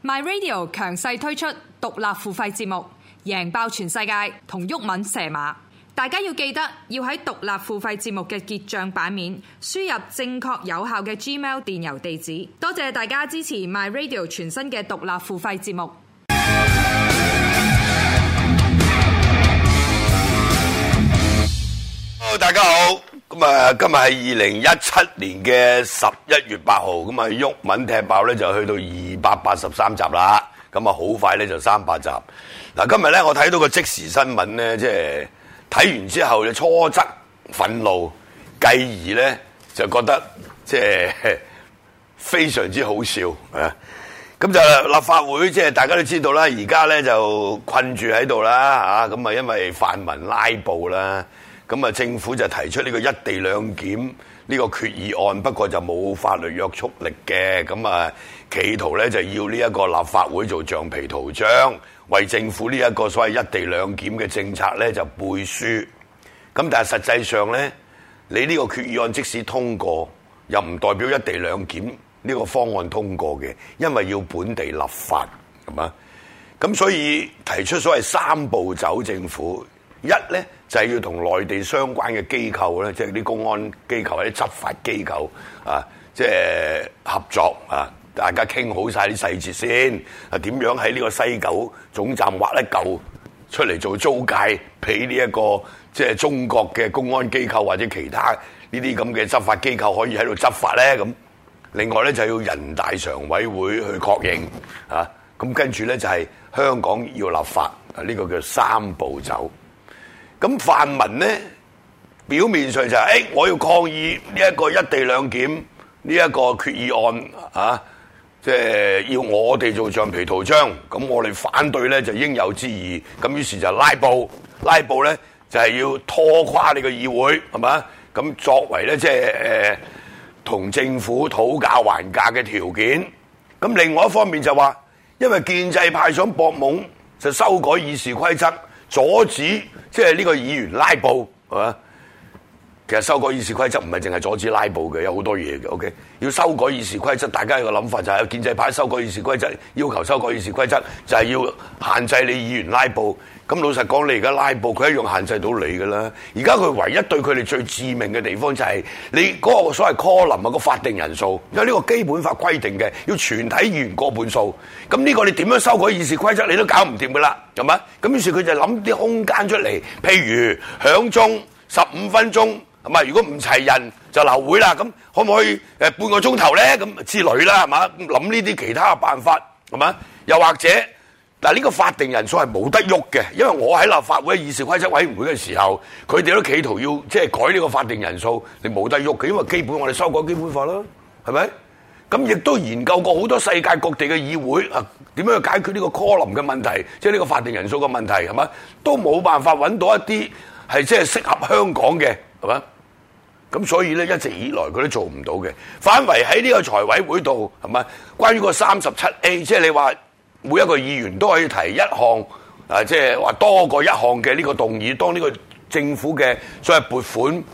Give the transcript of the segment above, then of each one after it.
My Radio 強勢推出獨立付費節目，贏爆全世界同毓民射馬。大家要記得要喺獨立付費節目嘅結帳版面輸入正確有效嘅 Gmail 電郵地址。多謝大家支持 My Radio 全新嘅獨立付費節目。大家好，咁啊，今日係二零一七年嘅十一月八號，咁啊，毓民踢爆咧就去到二百八十三集啦，咁啊，好快咧就三百集。嗱，今日咧我睇到個即時新聞咧，即係睇完之後，初則憤怒，繼而咧就覺得即係非常之好笑啊！咁就立法會，即係大家都知道啦，而家咧就困住喺度啦，吓咁啊，因為泛民拉布啦。咁啊，政府就提出呢個一地兩檢呢個決議案，不過就冇法律約束力嘅。咁啊，企圖咧就要呢一個立法會做橡皮圖章，為政府呢一個所謂一地兩檢嘅政策咧就背書。咁但係實際上咧，你呢個決議案即使通過，又唔代表一地兩檢呢個方案通過嘅，因為要本地立法，係嘛？咁所以提出所謂三步走，政府一咧。就係、是、要同內地相關嘅機構咧，即係啲公安機構、或者執法機構啊，即、就、係、是、合作啊，大家傾好晒啲細節先啊，點樣喺呢個西九總站挖一嚿出嚟做租界，俾呢一個即係中國嘅公安機構或者其他呢啲咁嘅執法機構可以喺度執法咧，咁另外咧就要人大常委會去確認啊，咁跟住咧就係、是、香港要立法啊，呢、這個叫三步走。咁泛民咧，表面上就係，誒，我要抗議呢一個一地兩檢呢一個決議案啊，即係要我哋做橡皮圖章，咁我哋反對咧就應有之義，咁於是就拉布，拉布咧就係要拖垮你個議會，係嘛？咁作為咧即係誒同政府討價還價嘅條件。咁另外一方面就話，因為建制派想博懵，就修改議事規則。阻止即係呢個議員拉布，係嘛？其實修改議事規則唔係淨係阻止拉布嘅，有好多嘢嘅。OK，要修改議事規則，大家有個諗法就係、是、建制派修改議事規則，要求修改議事規則就係、是、要限制你議員拉布。咁老實講，你而家拉布，佢一樣限制到你噶啦。而家佢唯一對佢哋最致命嘅地方就係、是、你嗰個所謂柯林啊個法定人數，因為呢個基本法規定嘅要全體議員過半數。咁呢個你點樣修改議事規則，你都搞唔掂噶啦，係咪？咁於是佢就諗啲空間出嚟，譬如響鐘十五分鐘，係咪？如果唔齊人就流會啦。咁可唔可以誒半個鐘頭咧？咁之類啦，係嘛？諗呢啲其他嘅辦法係咪？又或者？嗱，呢個法定人數係冇得喐嘅，因為我喺立法會議事規則委員會嘅時候，佢哋都企圖要即係改呢個法定人數，你冇得喐嘅，因為基本我哋修改基本法咯，係咪？咁亦都研究過好多世界各地嘅議會，點樣去解決呢個 quorum 嘅問題，即係呢個法定人數嘅問題，係咪？都冇辦法揾到一啲係即係適合香港嘅，係咪？咁所以咧，一直以來佢都做唔到嘅。反為喺呢個財委會度，係咪？關於個三十七 A，即係你話。每一個議員都可以提一項，啊，即係話多過一項嘅呢個動議。當呢個政府嘅所謂撥款，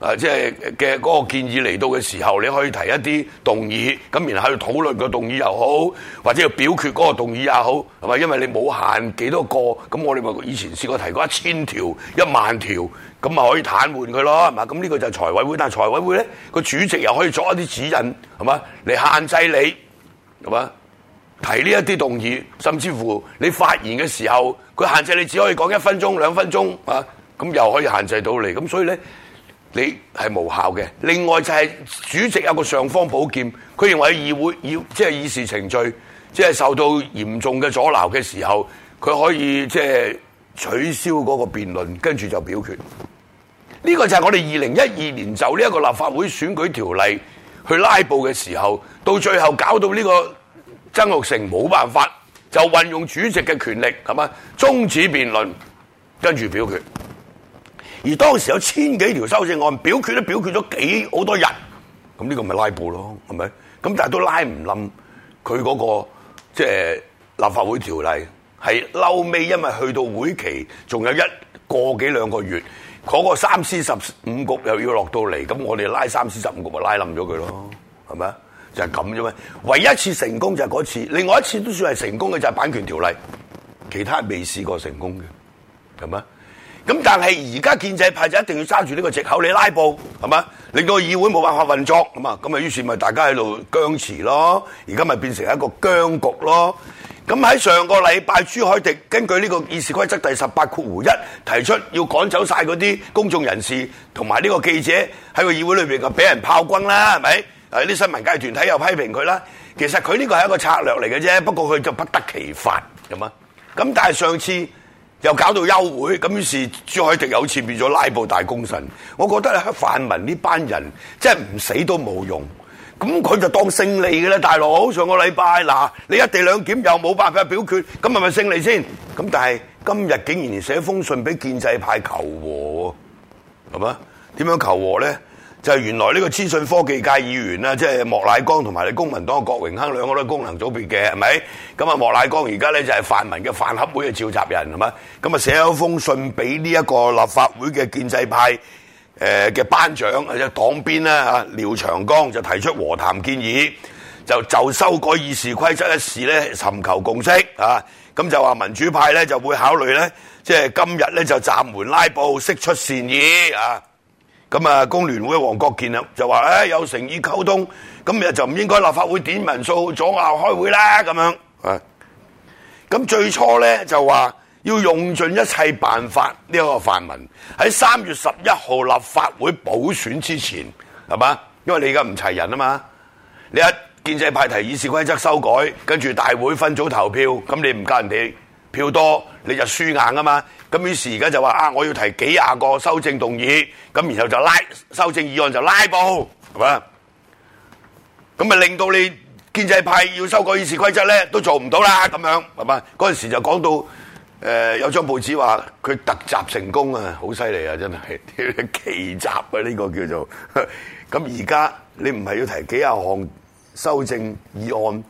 啊，即係嘅嗰個建議嚟到嘅時候，你可以提一啲動議，咁然後喺度討論個動議又好，或者要表決嗰個動議也好，係咪？因為你冇限幾多個，咁我哋咪以前試過提過一千條、一萬條，咁咪可以癱瘓佢咯，係咪？咁呢個就係財委會，但係財委會咧個主席又可以作一啲指引，係咪？嚟限制你，係咪？提呢一啲動議，甚至乎你發言嘅時候，佢限制你只可以講一分鐘、兩分鐘啊，咁又可以限制到你，咁所以呢，你係無效嘅。另外就係主席有個尚方寶劍，佢認為議會要即係議事程序，即係受到嚴重嘅阻撓嘅時候，佢可以即係取消嗰個辯論，跟住就表決。呢個就係我哋二零一二年就呢一個立法會選舉條例去拉布嘅時候，到最後搞到呢個。曾玉成冇辦法，就運用主席嘅權力係咪？終止辯論，跟住表決。而當時有千幾條修正案，表決都表決咗幾好多日，咁呢個咪拉布咯，係咪？咁但係都拉唔冧，佢嗰個即係立法會條例係嬲尾，因為去到會期仲有一個幾兩個月，嗰個三司十五局又要落到嚟，咁我哋拉三司十五局咪拉冧咗佢咯，係咪啊？就係咁啫嘛，唯一一次成功就係嗰次，另外一次都算係成功嘅就係《版權條例》，其他未試過成功嘅，係嘛？咁但係而家建制派就一定要揸住呢個藉口，你拉布係嘛？令到個議會冇辦法運作咁啊，咁啊，於是咪大家喺度僵持咯，而家咪變成一個僵局咯。咁喺上個禮拜，朱凱迪根據呢個議事規則第十八括弧一提出要趕走晒嗰啲公眾人士同埋呢個記者喺個議會裏面就俾人炮轟啦，係咪？誒啲新聞界團體又批評佢啦，其實佢呢個係一個策略嚟嘅啫，不過佢就不得其法咁啊！咁但係上次又搞到休會，咁於是再一次又變咗拉布大功臣。我覺得咧，泛民呢班人即係唔死都冇用。咁佢就當勝利嘅啦，大佬，好上個禮拜嗱，你一地兩檢又冇辦法表決，咁係咪勝利先？咁但係今日竟然寫封信俾建制派求和，係嘛？點樣求和咧？就係、是、原來呢個資訊科技界議員啊，即係莫乃光同埋你公民黨嘅郭榮鏗兩個都功能組別嘅，係咪？咁啊，莫乃光而家咧就係泛民嘅泛合會嘅召集人係嘛？咁啊，就寫咗封信俾呢一個立法會嘅建制派誒嘅班長啊，就是、黨鞭啦嚇廖長江，就提出和談建議，就就修改議事規則一事咧尋求共識啊！咁就話民主派咧就會考慮咧，即、就、係、是、今日咧就暫緩拉布，釋出善意啊！咁啊，工聯會黃國健立就話、哎、有誠意溝通，今日就唔應該立法會點人數阻礙開會啦，咁樣啊，咁最初咧就話要用盡一切辦法呢一個泛民喺三月十一號立法會補選之前，係嘛？因為你而家唔齊人啊嘛，你一建制派提議事規則修改，跟住大會分組投票，咁你唔夾人哋。票多你就輸硬啊嘛，咁於是而家就話啊，我要提幾廿個修正動議，咁然後就拉修正議案就拉布，係嘛？咁咪令到你建制派要修改議事規則咧，都做唔到啦咁樣，係嘛？嗰陣時就講到誒有張報紙話佢突襲成功啊，好犀利啊，真係奇襲啊呢個叫做。咁而家你唔係要提幾廿項修正議案。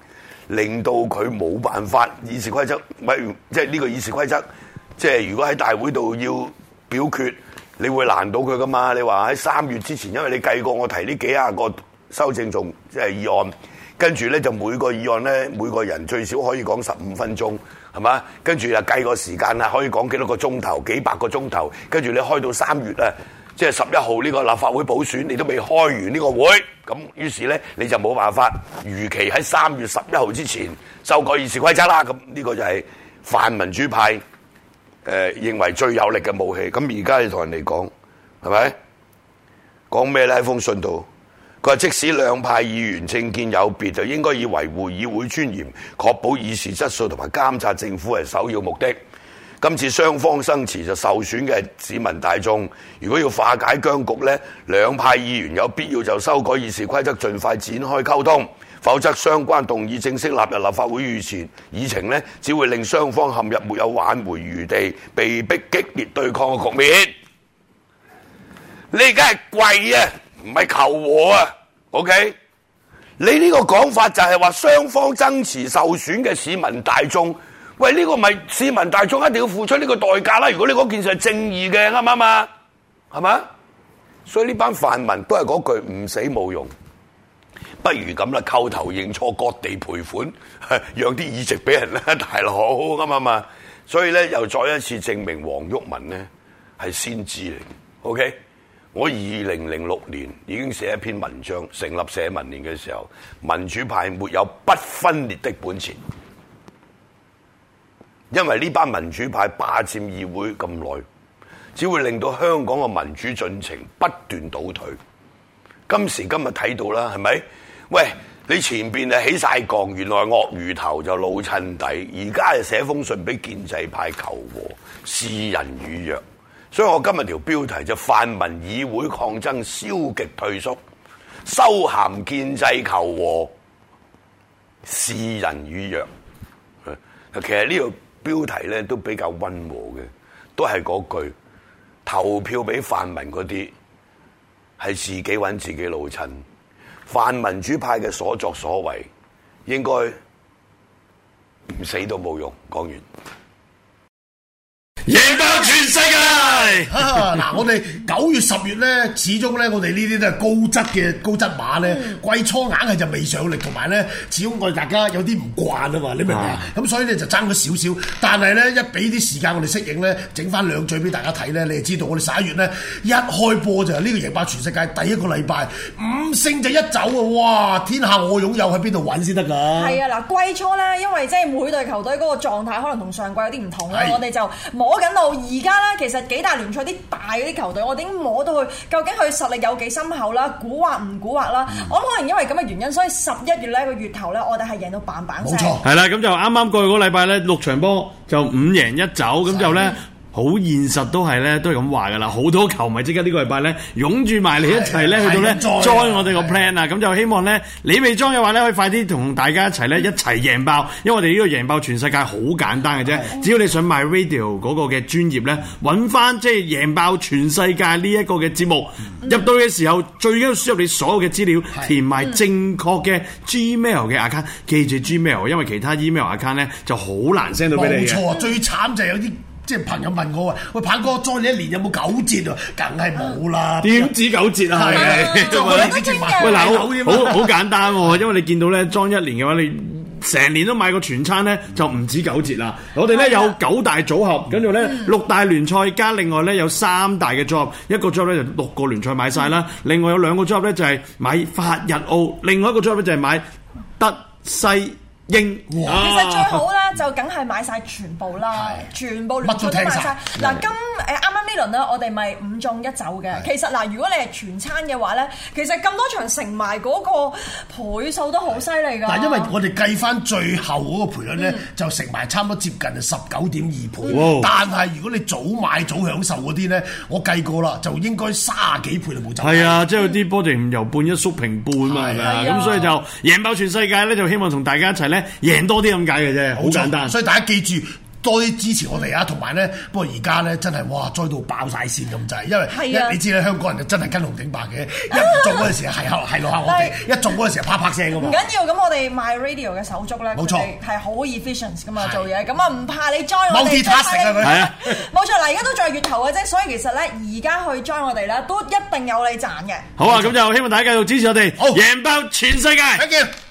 令到佢冇辦法議事規則，咪即係呢個議事規則，即係如果喺大會度要表決，你會難到佢噶嘛？你話喺三月之前，因為你計過，我提呢幾廿個修正，仲即係議案，跟住咧就每個議案咧，每個人最少可以講十五分鐘，係嘛？跟住啊計個時間啦，可以講幾多個鐘頭，幾百個鐘頭，跟住你開到三月啊！即係十一號呢個立法會補選，你都未開完呢個會，咁於是咧你就冇辦法如期喺三月十一號之前修改議事規則啦。咁呢個就係泛民主派誒認為最有力嘅武器現在是。咁而家你同人哋講係咪？講咩咧？喺封信度，佢話即使兩派議員政見有別，就應該以維護議會尊嚴、確保議事質素同埋監察政府係首要目的。今次雙方爭持就受損嘅市民大眾，如果要化解僵局呢，兩派議員有必要就修改議事規則，盡快展開溝通，否則相關動議正式納入立法會議前，議程呢只會令雙方陷入沒有挽回餘地、被逼激烈對抗嘅局面。你而家係跪啊，唔係求和啊，OK？你呢個講法就係話雙方爭持受損嘅市民大眾。喂，呢個咪市民大眾一定要付出呢個代價啦！如果你嗰件事係正義嘅，啱唔啱啊？係嘛？所以呢班泛民都係嗰句唔死冇用，不如咁啦，叩頭認錯，割地賠款， 讓啲議席俾人啦，大佬，啱唔啱啊？所以咧，又再一次證明黃毓民咧係先知嚟，OK？我二零零六年已經寫一篇文章，成立社民連嘅時候，民主派沒有不分裂的本錢。因為呢班民主派霸佔議會咁耐，只會令到香港嘅民主進程不斷倒退。今時今日睇到啦，係咪？喂，你前邊啊起晒槓，原來鱷魚頭就老襯底，而家啊寫封信俾建制派求和，示人以弱。所以我今日條標題就泛民議會抗爭消極退縮，修函建制求和，示人以弱。其實呢、這個標題咧都比較温和嘅，都係嗰句，投票俾泛民嗰啲係自己揾自己老襯，泛民主派嘅所作所為應該唔死都冇用。講完，贏爆全世界！ 我哋九月十月咧，始終咧，我哋呢啲都係高質嘅高質馬咧。季初硬係就未上力，同埋咧，始終我哋大家有啲唔慣啊嘛，你明唔明？咁、啊、所以咧就爭咗少少，但係咧一俾啲時間我哋適應咧，整翻兩嘴俾大家睇咧，你就知道我哋十一月咧一開播就係呢個贏霸全世界第一個禮拜五星就一走啊！哇，天下我擁有喺邊度揾先得㗎？係啊，嗱，季初咧，因為即係每隊球隊嗰個狀態可能同上季有啲唔同咧，我哋就摸緊到而家咧，其實幾大聯賽啲大的啲球隊，我已經摸到佢究竟佢實力有幾深厚啦，蠱惑唔蠱惑啦。嗯、我可能因為咁嘅原因，所以十一月呢個月頭呢，我哋係贏到板板錯。冇錯，係啦，咁就啱啱過去嗰個禮拜呢，六場波就五贏一走，咁、嗯、就呢。好現實都係咧，都係咁話㗎喇。好多球迷即刻呢個禮拜咧，擁住埋你一齊咧，去到咧 join 我哋個 plan 啊！咁就希望咧，你未 join 嘅話咧，可以快啲同大家一齊咧，一齊贏爆！因為我哋呢個贏爆全世界好簡單嘅啫，只要你想買 radio 嗰個嘅專頁咧，揾返即係贏爆全世界呢一個嘅節目入到嘅時候，嗯、最緊要輸入你所有嘅資料，填埋正確嘅 Gmail 嘅 account，記住 Gmail，因為其他 email account 咧就好難 send 到俾你。冇錯、嗯，最慘就係有啲。即係朋友問我話：喂，鵬哥，裝一年有冇九折啊？梗係冇啦，點止九折啊？係，喂，嗱，好好簡單喎，因為你見到咧裝一年嘅話，你、嗯、成年都買個全餐咧，就唔止九折啦。我哋咧有九大組合，跟住咧六大聯賽加另外咧有三大嘅組合，一個組合咧就六個聯賽買晒啦、嗯。另外有兩個組合咧就係買法日澳，另外一個組合咧就係買德西。英、啊、其實最好咧，就梗係買晒全部啦，啊、全部連埋都買晒嗱，今誒啱啱。呢輪咧，我哋咪五中一走嘅。的其實嗱，如果你係全餐嘅話咧，其實咁多場成埋嗰個倍數都好犀利噶。嗱，因為我哋計翻最後嗰個賠率咧，嗯、就成埋差唔多接近十九點二倍。嗯、但係如果你早買早享受嗰啲咧，我計過啦，就應該卅幾倍都冇走的。係啊，嗯、即係啲波唔由半一縮平半嘛，係咪啊？咁所以就贏爆全世界咧，就希望同大家一齊咧，贏多啲咁解嘅啫，好簡單。所以大家記住。多啲支持我哋啊，同埋咧，不過而家咧真係哇，再到爆晒線咁滯，因為、啊、你知咧，香港人就真係跟紅頂白嘅，啊、一做嗰陣時，啊啊、啊、時拍拍係嚇下我哋，一做嗰陣時啪啪聲嘅唔緊要，咁我哋 my radio 嘅手足咧，冇錯係好 efficient 咁啊做，做嘢，咁啊唔怕你 join 我哋。冇記差啊？冇錯啦，而家都仲係月頭嘅啫，所以其實咧而家去 join 我哋啦，都一定有你賺嘅。好啊，咁就希望大家繼續支持我哋，贏爆全世界。